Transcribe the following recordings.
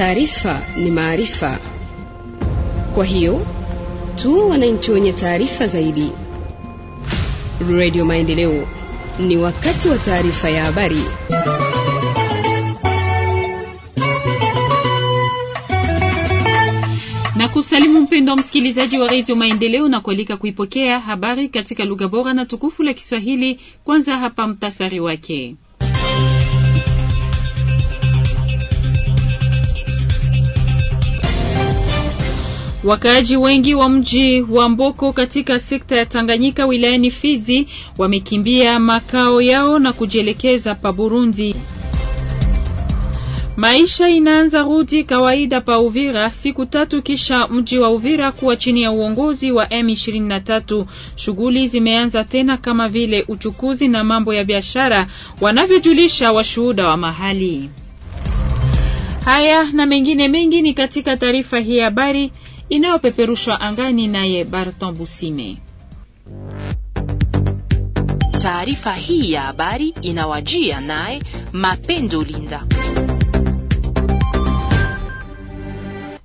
Taarifa ni maarifa, kwa hiyo tu wananchi wenye taarifa zaidi. Radio Maendeleo, ni wakati wa taarifa ya habari. na kusalimu mpendo wa msikilizaji wa redio Maendeleo na kualika kuipokea habari katika lugha bora na tukufu la Kiswahili. Kwanza hapa mtasari wake. Wakaaji wengi wa mji wa Mboko katika sekta ya Tanganyika wilayani Fizi wamekimbia makao yao na kujielekeza pa Burundi. Maisha inaanza rudi kawaida pa Uvira siku tatu kisha mji wa Uvira kuwa chini ya uongozi wa M23. Shughuli zimeanza tena kama vile uchukuzi na mambo ya biashara, wanavyojulisha washuhuda wa mahali. Haya na mengine mengi ni katika taarifa hii habari inayopeperushwa angani naye Barton Busime. Taarifa hii ya habari inawajia naye Mapendo Linda.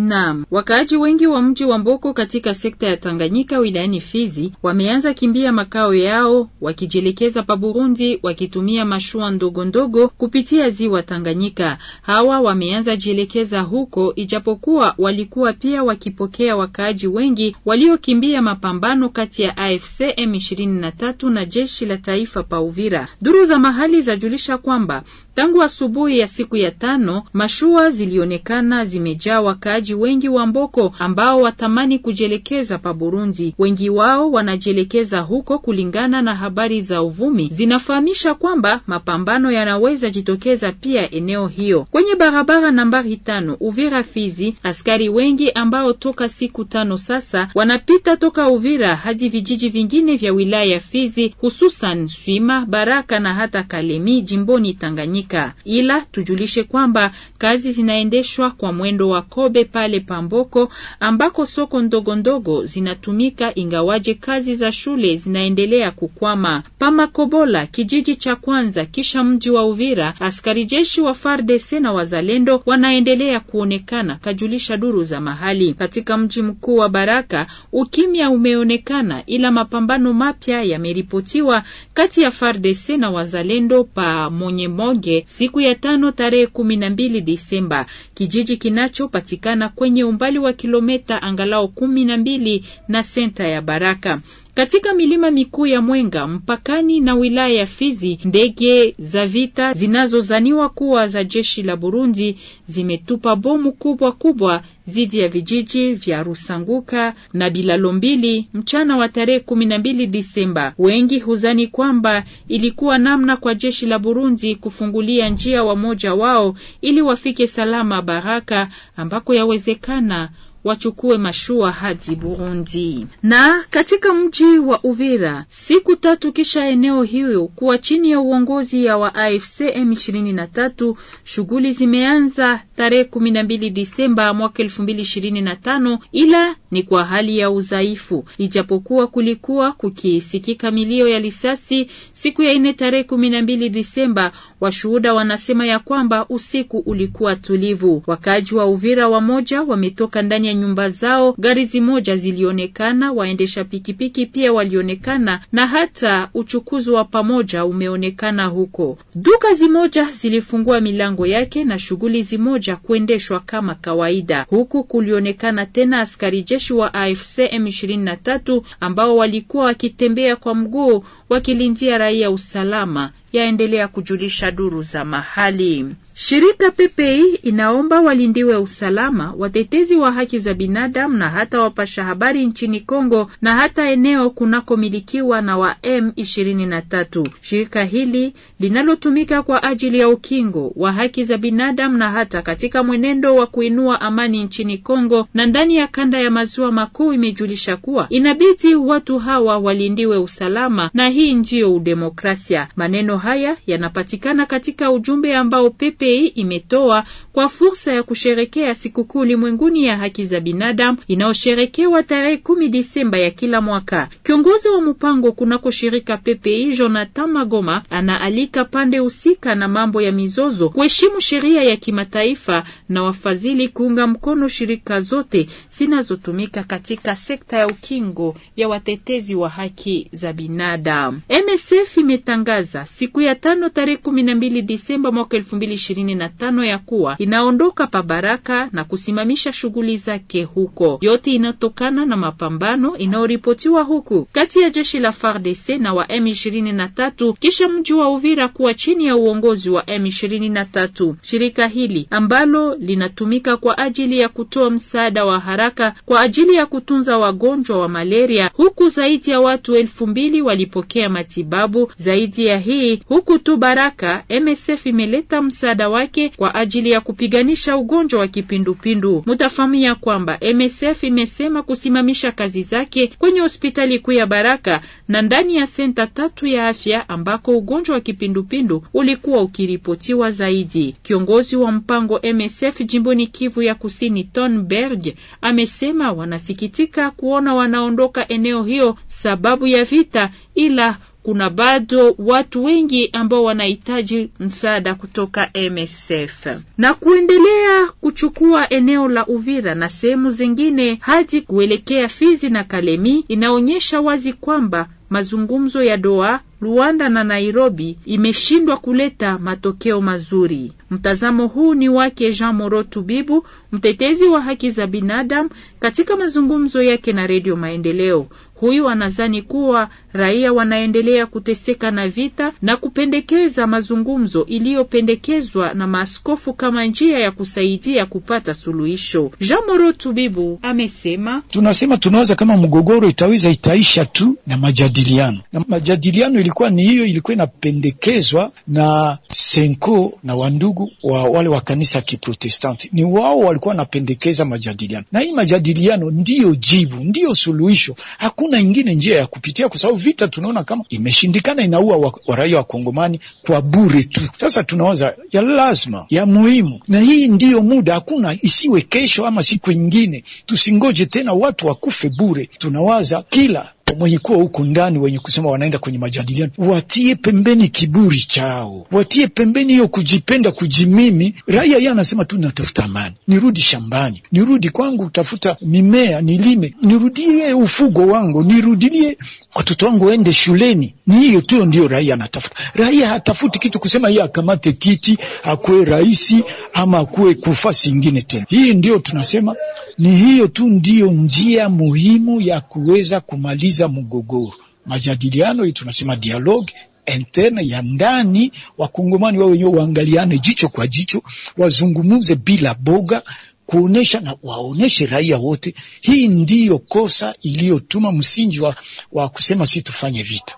Naam, wakaaji wengi wa mji wa Mboko katika sekta ya Tanganyika wilayani Fizi wameanza kimbia makao yao wakijielekeza pa Burundi wakitumia mashua ndogo ndogo kupitia ziwa Tanganyika. Hawa wameanza jielekeza huko, ijapokuwa walikuwa pia wakipokea wakaaji wengi waliokimbia mapambano kati ya AFC M23 na jeshi la taifa pa Uvira. Duru za mahali zajulisha kwamba Tangu asubuhi ya siku ya tano, mashua zilionekana zimejaa wakaaji wengi wa Mboko ambao watamani kujielekeza pa Burundi. Wengi wao wanajielekeza huko kulingana na habari za uvumi zinafahamisha kwamba mapambano yanaweza jitokeza pia eneo hiyo. Kwenye barabara nambari tano Uvira Fizi, askari wengi ambao toka siku tano sasa wanapita toka Uvira hadi vijiji vingine vya wilaya ya Fizi, hususan Swima, Baraka na hata Kalemi jimboni Tanganyika kufanyika, ila tujulishe kwamba kazi zinaendeshwa kwa mwendo wa kobe pale Pamboko ambako soko ndogo ndogo zinatumika, ingawaje kazi za shule zinaendelea kukwama. Pamakobola, kijiji cha kwanza kisha mji wa Uvira, askari jeshi wa FARDC na wazalendo wanaendelea kuonekana, kajulisha duru za mahali. Katika mji mkuu wa Baraka ukimya umeonekana, ila mapambano mapya yameripotiwa kati ya FARDC na wazalendo pa Monyemonge siku ya tano tarehe kumi na mbili Disemba, kijiji kinachopatikana kwenye umbali wa kilometa angalau kumi na mbili na senta ya Baraka. Katika milima mikuu ya Mwenga mpakani na wilaya ya Fizi, ndege za vita zinazozaniwa kuwa za jeshi la Burundi zimetupa bomu kubwa kubwa dhidi ya vijiji vya Rusanguka na Bilalombili mchana wa tarehe kumi na mbili Disemba. Wengi huzani kwamba ilikuwa namna kwa jeshi la Burundi kufungulia njia wamoja wao ili wafike salama Baraka ambako yawezekana wachukue mashua hadi Burundi. Na katika mji wa Uvira, siku tatu kisha eneo hiyo kuwa chini ya uongozi ya wa AFC M23, shughuli zimeanza tarehe 12 Disemba mwaka 2025, ila ni kwa hali ya udhaifu, ijapokuwa kulikuwa kukisikika milio ya risasi siku ya ine tarehe 12 Disemba. Washuhuda wanasema ya kwamba usiku ulikuwa tulivu. Wakaaji wa Uvira wamoja wametoka ndani ya nyumba zao, gari zimoja zilionekana, waendesha pikipiki pia walionekana na hata uchukuzi wa pamoja umeonekana huko. Duka zimoja zilifungua milango yake na shughuli zimoja kuendeshwa kama kawaida. Huku kulionekana tena askari jeshi wa AFC M23 ambao walikuwa wakitembea kwa mguu wakilindia raia usalama, yaendelea kujulisha duru za mahali. Shirika PPI inaomba walindiwe usalama, watetezi wa haki za binadamu na hata wapasha habari nchini Kongo na hata eneo kunakomilikiwa na wa M23. Shirika hili linalotumika kwa ajili ya ukingo wa haki za binadamu na hata katika mwenendo wa kuinua amani nchini Kongo na ndani ya kanda ya maziwa makuu imejulisha kuwa inabidi watu hawa walindiwe usalama na hii ndiyo udemokrasia. Maneno haya yanapatikana katika ujumbe ambao PPI CPI imetoa kwa fursa ya kusherekea sikukuu ulimwenguni ya haki za binadamu inayosherekewa tarehe kumi Disemba ya kila mwaka. Kiongozi wa mpango kunako shirika PPI Jonathan Magoma anaalika pande husika na mambo ya mizozo kuheshimu sheria ya kimataifa na wafadhili kuunga mkono shirika zote zinazotumika katika sekta ya ukingo ya watetezi wa haki za binadamu. MSF imetangaza siku ya tano tarehe kumi na mbili Disemba mwaka elfu mbili ishirini ishirini na tano ya kuwa inaondoka pa Baraka na kusimamisha shughuli zake huko. Yote inatokana na mapambano inayoripotiwa huku kati ya jeshi la FARDC na wa M23 kisha mji wa Uvira kuwa chini ya uongozi wa M23. Shirika hili ambalo linatumika kwa ajili ya kutoa msaada wa haraka kwa ajili ya kutunza wagonjwa wa malaria, huku zaidi ya watu elfu mbili walipokea matibabu. Zaidi ya hii, huku tu Baraka, MSF imeleta msaada wake kwa ajili ya kupiganisha ugonjwa wa kipindupindu. Mutafahamia kwamba MSF imesema kusimamisha kazi zake kwenye hospitali kuu ya Baraka na ndani ya senta tatu ya afya ambako ugonjwa wa kipindupindu ulikuwa ukiripotiwa zaidi. Kiongozi wa mpango MSF jimboni Kivu ya Kusini, Tonberg, amesema wanasikitika kuona wanaondoka eneo hiyo sababu ya vita, ila kuna bado watu wengi ambao wanahitaji msaada kutoka MSF na kuendelea kuchukua eneo la Uvira na sehemu zingine hadi kuelekea Fizi na Kalemi inaonyesha wazi kwamba mazungumzo ya Doha, Luanda na Nairobi imeshindwa kuleta matokeo mazuri. Mtazamo huu ni wake Jean Moro Tubibu, mtetezi wa haki za binadamu katika mazungumzo yake na Redio Maendeleo huyu anazani kuwa raia wanaendelea kuteseka na vita na kupendekeza mazungumzo iliyopendekezwa na maaskofu kama njia ya kusaidia kupata suluhisho. Jean Moro Tubibu amesema, tunasema tunaweza kama mgogoro itaweza itaisha tu na majadiliano, na majadiliano ilikuwa ni hiyo, ilikuwa inapendekezwa na Senko na wandugu wa wale wa kanisa ya Kiprotestanti, ni wao walikuwa wanapendekeza majadiliano, na hii majadiliano ndiyo jibu, ndiyo suluhisho. Hakuna hakuna ingine njia ya kupitia, kwa sababu vita tunaona kama imeshindikana, inaua wa, wa raia wa Kongomani kwa bure tu. Sasa tunawaza ya lazima ya muhimu, na hii ndiyo muda, hakuna isiwe kesho ama siku ingine, tusingoje tena watu wakufe bure. Tunawaza kila mwenye kuwa huko ndani, wenye kusema wanaenda kwenye majadiliano, watie pembeni kiburi chao, watie pembeni hiyo kujipenda, kujimimi. Raia yeye anasema tu natafuta amani, nirudi shambani, nirudi kwangu kutafuta mimea, nilime, nirudie ufugo wangu, nirudilie watoto wangu waende shuleni. Ni hiyo tu ndio raia anatafuta. Raia hatafuti kitu kusema yeye akamate kiti akuwe raisi ama akuwe kufasi ingine tena. Hii ndio tunasema ni hiyo tu ndio njia muhimu ya kuweza kumaliza kumaliza mgogoro. Majadiliano hii tunasema dialogue interne ya ndani, wakongomani wao wenyewe waangaliane jicho kwa jicho, wazungumuze bila boga kuonesha na waoneshe raia wote. Hii ndiyo kosa iliyotuma msingi wa, wa kusema si tufanye vita.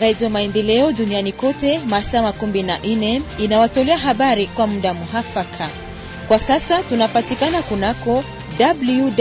Radio Maendeleo duniani kote masaa makumi na nne inawatolea habari kwa muda muhafaka. Kwa sasa tunapatikana kunako www.radiomaendeleo.org.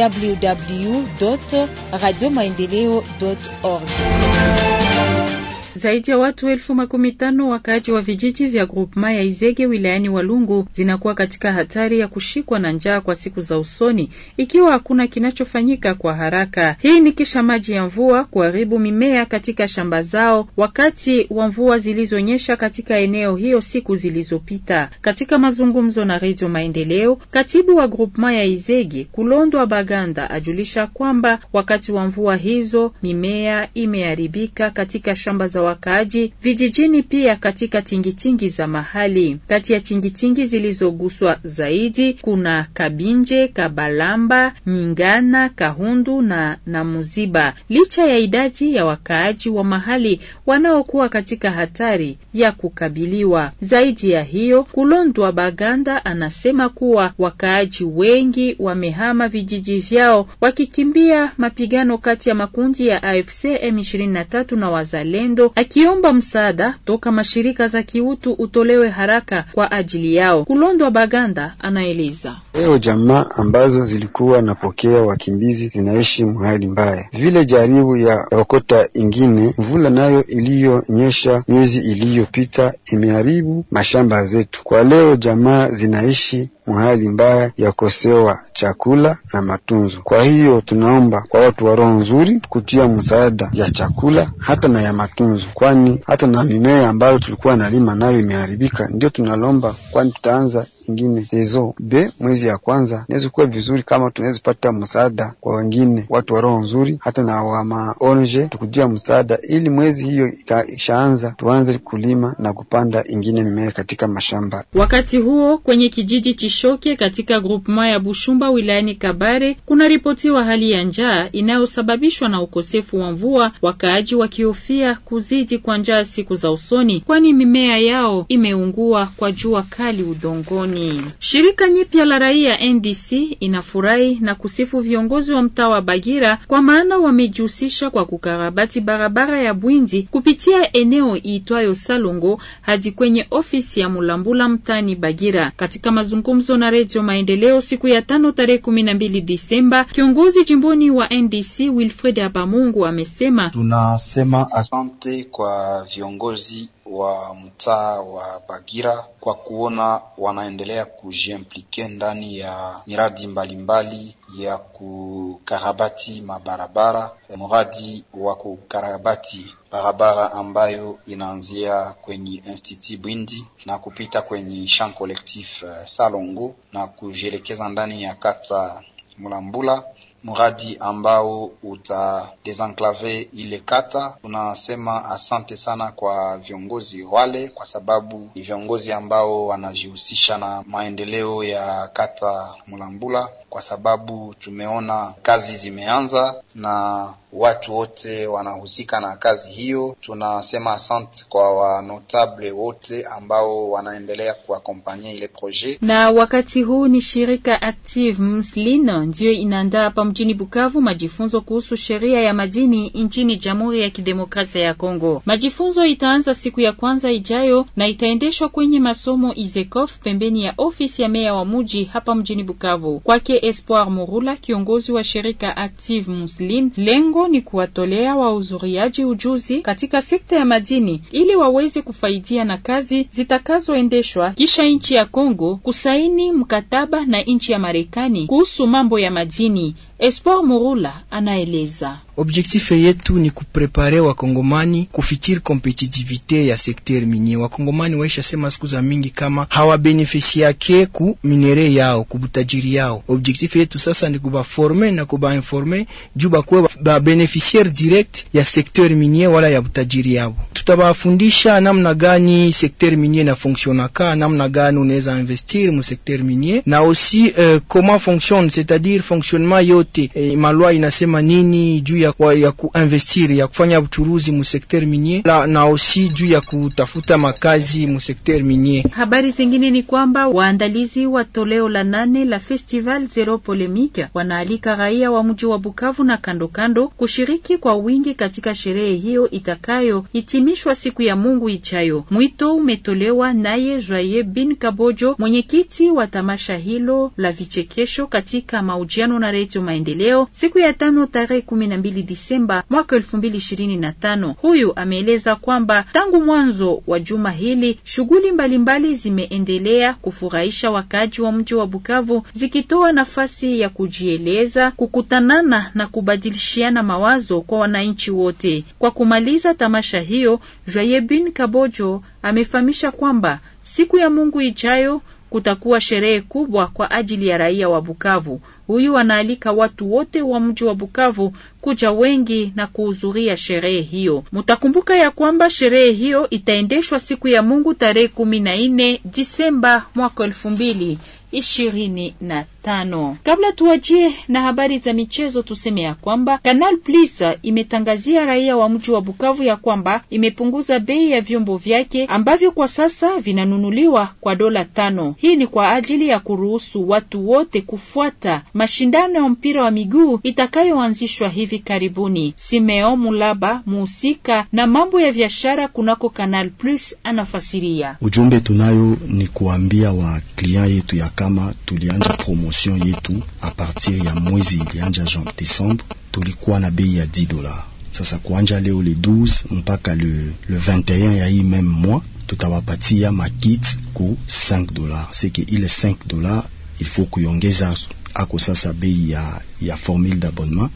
Zaidi ya watu elfu makumi tano wakaaji wa vijiji vya groupema ya Izege wilayani Walungu zinakuwa katika hatari ya kushikwa na njaa kwa siku za usoni ikiwa hakuna kinachofanyika kwa haraka. Hii ni kisha maji ya mvua kuharibu mimea katika shamba zao wakati wa mvua zilizonyesha katika eneo hiyo siku zilizopita. Katika mazungumzo na Redio Maendeleo, katibu wa groupema ya Izege Kulondwa Baganda ajulisha kwamba wakati wa mvua hizo mimea imeharibika katika shamba za wakaaji vijijini, pia katika tingitingi za mahali. Kati ya tingitingi zilizoguswa zaidi kuna Kabinje, Kabalamba, Nyingana, Kahundu na Namuziba. Licha ya idadi ya wakaaji wa mahali wanaokuwa katika hatari ya kukabiliwa zaidi ya hiyo, Kulondwa Baganda anasema kuwa wakaaji wengi wamehama vijiji vyao wakikimbia mapigano kati ya makundi ya AFC M23 na wazalendo akiomba msaada toka mashirika za kiutu utolewe haraka kwa ajili yao. Kulondwa Baganda anaeleza leo jamaa ambazo zilikuwa napokea wakimbizi zinaishi mhali mbaya vile jaribu ya okota ingine. Mvula nayo iliyonyesha miezi iliyopita imeharibu mashamba zetu. Kwa leo jamaa zinaishi mahali mbaya ya kosewa chakula na matunzo. Kwa hiyo tunaomba kwa watu wa roho nzuri kutia msaada ya chakula hata na ya matunzo, kwani hata na mimea ambayo tulikuwa nalima nayo imeharibika. Ndio tunalomba, kwani tutaanza zingine tezo be mwezi ya kwanza inaweza kuwa vizuri kama tunaweza pata msaada kwa wengine, watu wa roho nzuri, hata na wa maonje, tukujia msaada ili mwezi hiyo ikishaanza tuanze kulima na kupanda ingine mimea katika mashamba. Wakati huo kwenye kijiji Chishoke katika groupement ya Bushumba wilayani Kabare kunaripotiwa hali ya njaa inayosababishwa na ukosefu wa mvua, wakaaji wakihofia kuzidi kwa njaa siku za usoni, kwani mimea yao imeungua kwa jua kali udongoni jamii. Shirika nyipya la raia NDC inafurahi na kusifu viongozi wa mtaa wa Bagira kwa maana wamejihusisha kwa kukarabati barabara ya Bwindi kupitia eneo iitwayo Salongo hadi kwenye ofisi ya Mulambula mtaani Bagira. Katika mazungumzo na Redio Maendeleo siku ya tano tarehe kumi na mbili Disemba, kiongozi jimboni wa NDC Wilfred Abamungu amesema, tunasema asante kwa viongozi wa mtaa wa Bagira kwa kuona wanaendelea kujiimplike ndani ya miradi mbalimbali mbali ya kukarabati mabarabara, mradi wa kukarabati barabara ambayo inaanzia kwenye Institut Bwindi na kupita kwenye Champ Collectif eh, Salongo na kujielekeza ndani ya kata Mulambula mradi ambao utadesenklave ile kata. Tunasema asante sana kwa viongozi wale, kwa sababu ni viongozi ambao wanajihusisha na maendeleo ya kata Mulambula, kwa sababu tumeona kazi zimeanza na watu wote wanahusika na kazi hiyo. Tunasema asante kwa wanotable wote ambao wanaendelea kuakompanye ile projet, na wakati huu ni shirika Active Muslim ndiyo inaandaa mjini Bukavu majifunzo kuhusu sheria ya madini nchini Jamhuri ya Kidemokrasia ya Kongo. Majifunzo itaanza siku ya kwanza ijayo na itaendeshwa kwenye masomo Izekof pembeni ya ofisi ya meya wa muji hapa mjini Bukavu. Kwake Espoir Murula, kiongozi wa shirika Active Muslim, lengo ni kuwatolea wahudhuriaji ujuzi katika sekta ya madini ili waweze kufaidia na kazi zitakazoendeshwa kisha nchi ya Kongo kusaini mkataba na nchi ya Marekani kuhusu mambo ya madini. Espoir Murula anaeleza. Objektife yetu ni kuprepare wakongomani kufitir kompetitivite ya sekter minye. Wakongomani waisha sema siku za mingi kama hawabenefisiake ku minere yao kubutajiri yao. Objektife yetu sasa ni kubaforme na kubainforme juu bakuwe babenefisiaire direct ya sekter minye wala ya butajiri yao tutabafundisha namna gani secteur minier na fonctionnaka, namna gani unaweza investir mu secteur minier na aussi euh, comment fonctionne c'est-à-dire fonctionnement yote eh, malwa inasema nini juu ya, ya kuinvestir ya kufanya uchuruzi mu sekteur minier la, na aussi juu ya kutafuta makazi mu sekteur minier. Habari zingine ni kwamba waandalizi wa toleo la nane la festival Zero Polemique wanaalika raia wa mji wa Bukavu na kandokando kando kushiriki kwa wingi katika sherehe hiyo itakayo itimi kuadhimishwa siku ya Mungu ijayo. Mwito umetolewa naye Joye bin Kabojo, mwenyekiti wa tamasha hilo la vichekesho, katika mahojiano na Redio Maendeleo siku ya tano tarehe kumi na mbili Disemba mwaka elfu mbili ishirini na tano. Huyu ameeleza kwamba tangu mwanzo wa juma hili shughuli mbalimbali zimeendelea kufurahisha wakaaji wa mji wa Bukavu, zikitoa nafasi ya kujieleza, kukutanana na kubadilishiana mawazo kwa wananchi wote. Kwa kumaliza tamasha hiyo, Joyebin Kabojo amefahamisha kwamba siku ya Mungu ijayo kutakuwa sherehe kubwa kwa ajili ya raia wa Bukavu. Huyu anaalika watu wote wa mji wa Bukavu kuja wengi na kuhudhuria sherehe hiyo. Mutakumbuka ya kwamba sherehe hiyo itaendeshwa siku ya Mungu tarehe kumi na nne Disemba mwaka elfu mbili ishirini na tano. Kabla tuwajie na habari za michezo, tuseme ya kwamba Canal Plus imetangazia raia wa mji wa Bukavu ya kwamba imepunguza bei ya vyombo vyake ambavyo kwa sasa vinanunuliwa kwa dola tano. Hii ni kwa ajili ya kuruhusu watu wote kufuata mashindano ya mpira wa miguu itakayoanzishwa hivi karibuni. Simeo Mulaba, muhusika na mambo ya biashara kunako Canal Plus, anafasiria ujumbe tunayo ni kuambia wa klia yetu ya kama tulianza promo promotion yetu a partir ya mwezi ilianja Jean Desembre, tulikuwa na bei ya 10 dollars. Sasa kuanja leo le 12 mpaka le, le 21 ya hii meme mois tutawapatia makit ku 5 dollars. Seke ile 5 dollars il faut kuiongeza ako sasa bei ya, ya formule d'abonnement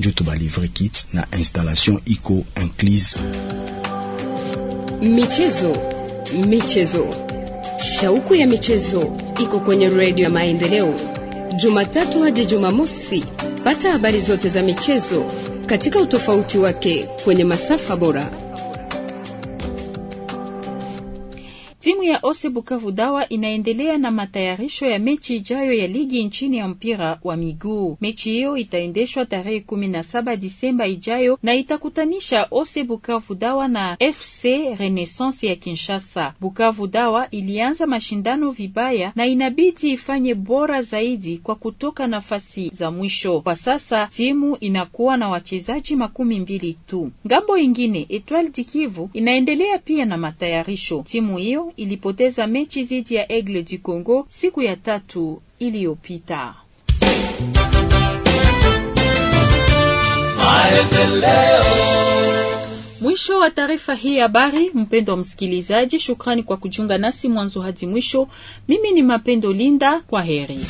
juu tubalivre kit na installation iko incluse. Michezo, michezo, shauku ya michezo iko kwenye redio ya Maendeleo Jumatatu hadi Jumamosi. Pata habari zote za michezo katika utofauti wake kwenye masafa bora ya Ose Bukavu Dawa inaendelea na matayarisho ya mechi ijayo ya ligi nchini ya mpira wa miguu. Mechi hiyo itaendeshwa tarehe kumi na saba Disemba ijayo na itakutanisha Ose Bukavu Dawa na FC Renaissance ya Kinshasa. Bukavu Dawa ilianza mashindano vibaya na inabidi ifanye bora zaidi kwa kutoka nafasi za mwisho. Kwa sasa timu inakuwa na wachezaji makumi mbili tu. Ngambo ingine Etoile Dikivu inaendelea pia na matayarisho. Timu hiyo ili walipoteza mechi dhidi ya Aigle du Congo siku ya tatu iliyopita. Mwisho wa taarifa hii habari. Mpendo wa msikilizaji, shukrani kwa kujiunga nasi mwanzo hadi mwisho. Mimi ni Mapendo Linda, kwa heri.